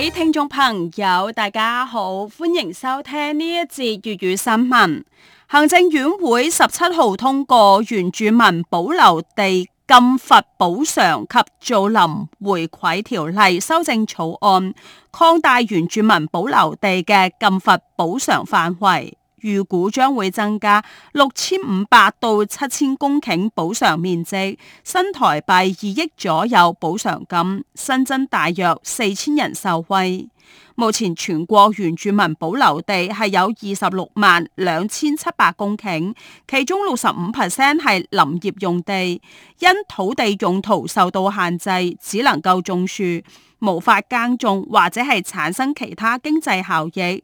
各位聽眾朋友，大家好，歡迎收聽呢一節粵語新聞。行政院會十七號通過原住民保留地禁伐補償及造林回饋條例修正草案，擴大原住民保留地嘅禁伐補償範圍。預估將會增加六千五百到七千公頃補償面積，新台幣二億左右補償金，新增大約四千人受惠。目前全國原住民保留地係有二十六萬兩千七百公頃，其中六十五%係林業用地，因土地用途受到限制，只能夠種樹。無法耕種或者係產生其他經濟效益。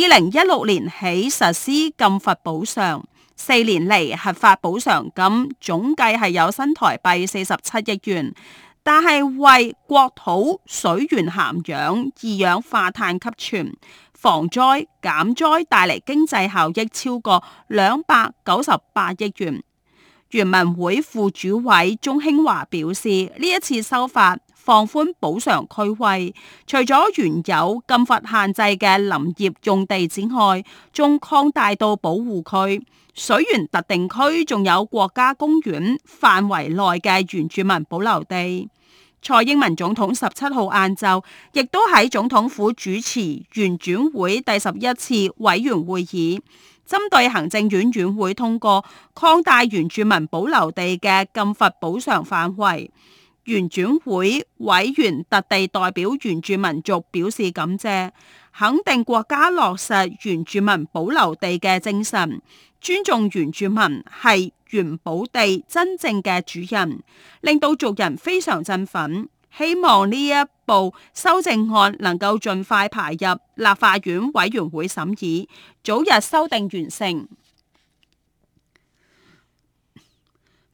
二零一六年起實施禁伐補償，四年嚟合法補償金總計係有新台幣四十七億元，但係為國土水源涵養、二氧化碳吸存、防災減災帶嚟經濟效益超過兩百九十八億元。原民會副主委鍾興華表示，呢一次修法。放寬補償區位。除咗原有禁伐限制嘅林業用地之外，仲擴大到保護區、水源特定區，仲有國家公園範圍內嘅原住民保留地。蔡英文總統十七號晏晝亦都喺總統府主持原轉會第十一次委員會議，針對行政院院會通過擴大原住民保留地嘅禁伐補償範圍。原轉會委員特地代表原住民族表示感謝，肯定國家落實原住民保留地嘅精神，尊重原住民係原保地真正嘅主人，令到族人非常振奮。希望呢一部修正案能夠盡快排入立法院委員會審議，早日修訂完成。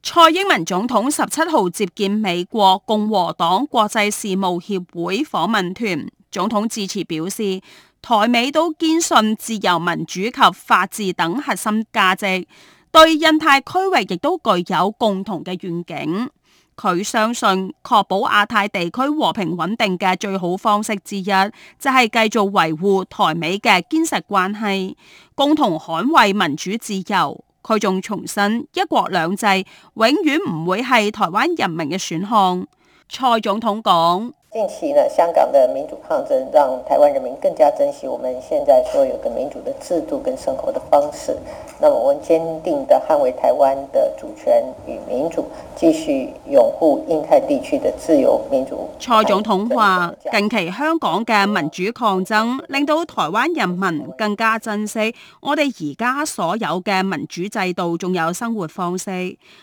蔡英文總統十七號接見美國共和黨國際事務協會訪問團，總統致辭表示，台美都堅信自由、民主及法治等核心價值，對印太區域亦都具有共同嘅願景。佢相信，確保亞太地區和平穩定嘅最好方式之一，就係繼續維護台美嘅堅實關係，共同捍衛民主自由。佢仲重申，一國兩制永遠唔會係台灣人民嘅選項。蔡總統講。近期呢，香港嘅民主抗爭讓台灣人民更加珍惜我們現在所有嘅民主的制度跟生活的方式。那麼我堅定的捍衛台灣的主權與民主，繼續擁護印太地區的自由民主。蔡總統話：近期香港嘅民主抗爭令到台灣人民更加珍惜我哋而家所有嘅民主制度，仲有生活方式。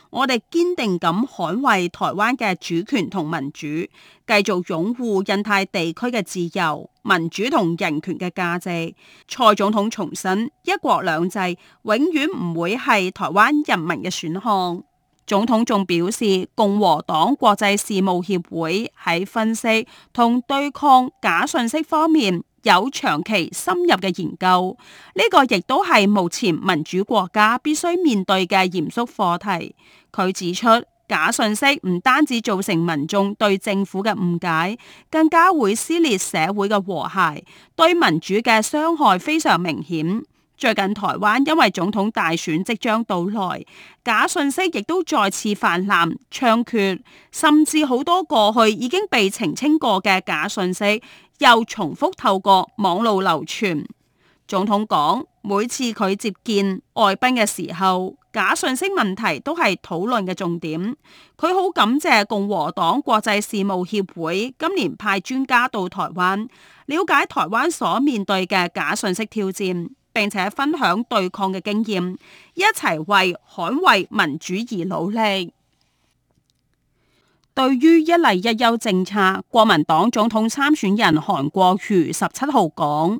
我哋堅定咁捍衛台灣嘅主權同民主，繼續用。擁護印太地區嘅自由、民主同人權嘅價值。蔡總統重申，一國兩制永遠唔會係台灣人民嘅選項。總統仲表示，共和黨國際事務協會喺分析同對抗假信息方面有長期深入嘅研究，呢個亦都係目前民主國家必須面對嘅嚴肅課題。佢指出。假信息唔單止造成民眾對政府嘅誤解，更加會撕裂社會嘅和諧，對民主嘅傷害非常明顯。最近台灣因為總統大選即將到來，假信息亦都再次泛濫猖獗，甚至好多過去已經被澄清過嘅假信息又重複透過網路流傳。總統講，每次佢接見外賓嘅時候。假信息問題都係討論嘅重點。佢好感謝共和黨國際事務協會今年派專家到台灣了解台灣所面對嘅假信息挑戰，並且分享對抗嘅經驗，一齊為捍衛民主而努力。對於一例一休政策，國民黨總統參選人韓國瑜十七號講。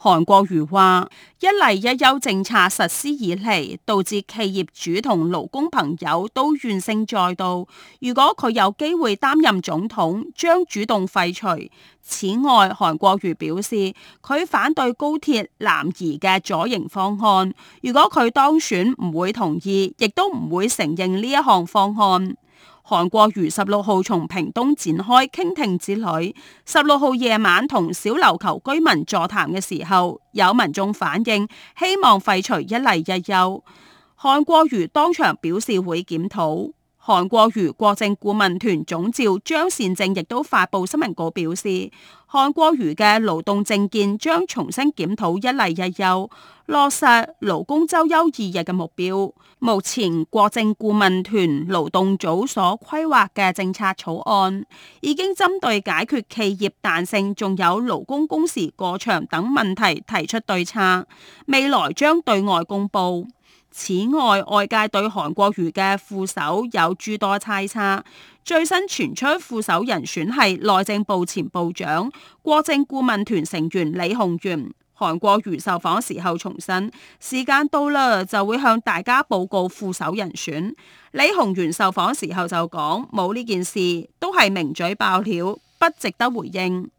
韓國瑜話：一例一休政策實施以嚟，導致企業主同勞工朋友都怨聲載道。如果佢有機會擔任總統，將主動廢除。此外，韓國瑜表示，佢反對高鐵南延嘅左營方案。如果佢當選，唔會同意，亦都唔會承認呢一項方案。韓國瑜十六號從屏東展開傾聽之旅，十六號夜晚同小琉球居民座談嘅時候，有民眾反映希望廢除一例一休，韓國瑜當場表示會檢討。韓國瑜國政顧問團總召張善政亦都發佈新聞稿表示，韓國瑜嘅勞動政見將重新檢討一例一休，落實勞工周休二日嘅目標。目前國政顧問團勞動組所規劃嘅政策草案，已經針對解決企業彈性，仲有勞工工時過長等問題提出對策，未來將對外公佈。此外，外界對韓國瑜嘅副手有諸多猜測。最新傳出副手人選係內政部前部長、國政顧問團成員李鴻源。韓國瑜受訪時候重申，時間到啦，就會向大家報告副手人選。李鴻源受訪時候就講冇呢件事，都係名嘴爆料，不值得回應。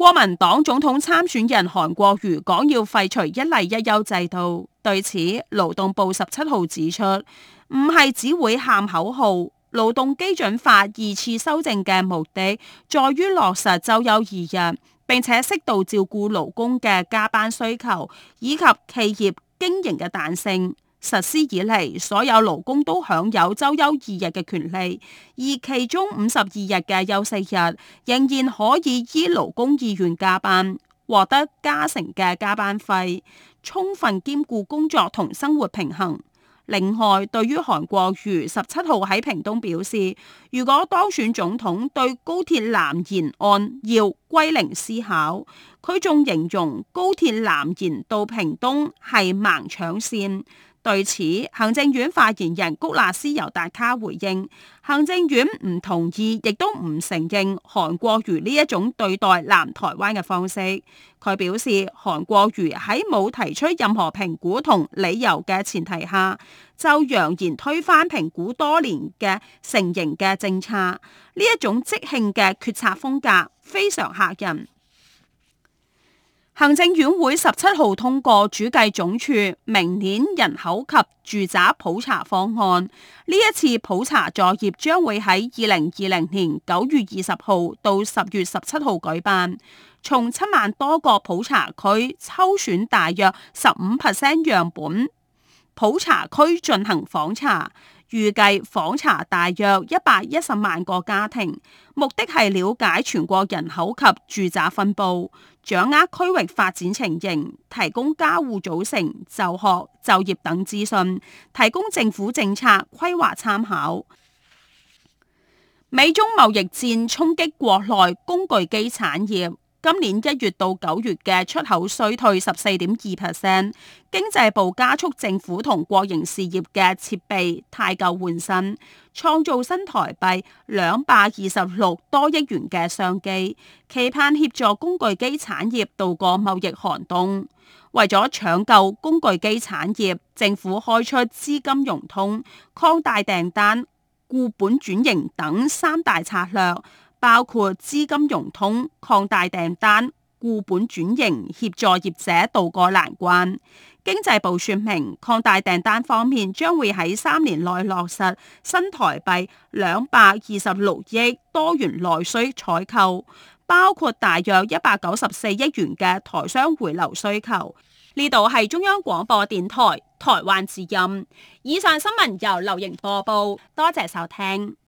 國民黨總統參選人韓國瑜講要廢除一例一休制度，對此勞動部十七號指出，唔係只會喊口號。勞動基準法二次修正嘅目的，在於落實週休二日，並且適度照顧勞工嘅加班需求以及企業經營嘅彈性。實施以嚟，所有勞工都享有週休二日嘅權利，而其中五十二日嘅休息日仍然可以依勞工意願加班，獲得加成嘅加班費，充分兼顧工作同生活平衡。另外，對於韓國瑜十七號喺屏東表示，如果當選總統對高鐵南延案要歸零思考，佢仲形容高鐵南延到屏東係盲腸線。對此，行政院發言人谷辣斯·尤達卡回應，行政院唔同意，亦都唔承認韓國瑜呢一種對待南台灣嘅方式。佢表示，韓國瑜喺冇提出任何評估同理由嘅前提下，就揚言推翻評估多年嘅成形嘅政策，呢一種即興嘅決策風格非常嚇人。行政院會十七號通過主計總署明年人口及住宅普查方案，呢一次普查作業將會喺二零二零年九月二十號到十月十七號舉辦，從七萬多個普查區抽選大約十五 percent 樣本，普查區進行訪查。預計訪查大約一百一十萬個家庭，目的係了解全國人口及住宅分布，掌握區域發展情形，提供家戶組成、就學、就業等資訊，提供政府政策規劃參考。美中貿易戰衝擊國內工具機產業。今年一月到九月嘅出口衰退十四點二 percent，經濟部加速政府同國營事業嘅設備汰舊換新，創造新台幣兩百二十六多億元嘅商機，期盼協助工具機產業渡過貿易寒冬。為咗搶救工具機產業，政府開出資金融通、擴大訂單、固本轉型等三大策略。包括資金融通、擴大訂單、固本轉型，協助業者渡過難關。經濟部說明，擴大訂單方面將會喺三年內落實新台幣兩百二十六億多元內需採購，包括大約一百九十四億元嘅台商回流需求。呢度係中央廣播電台台灣之音。以上新聞由劉瑩播報，多謝收聽。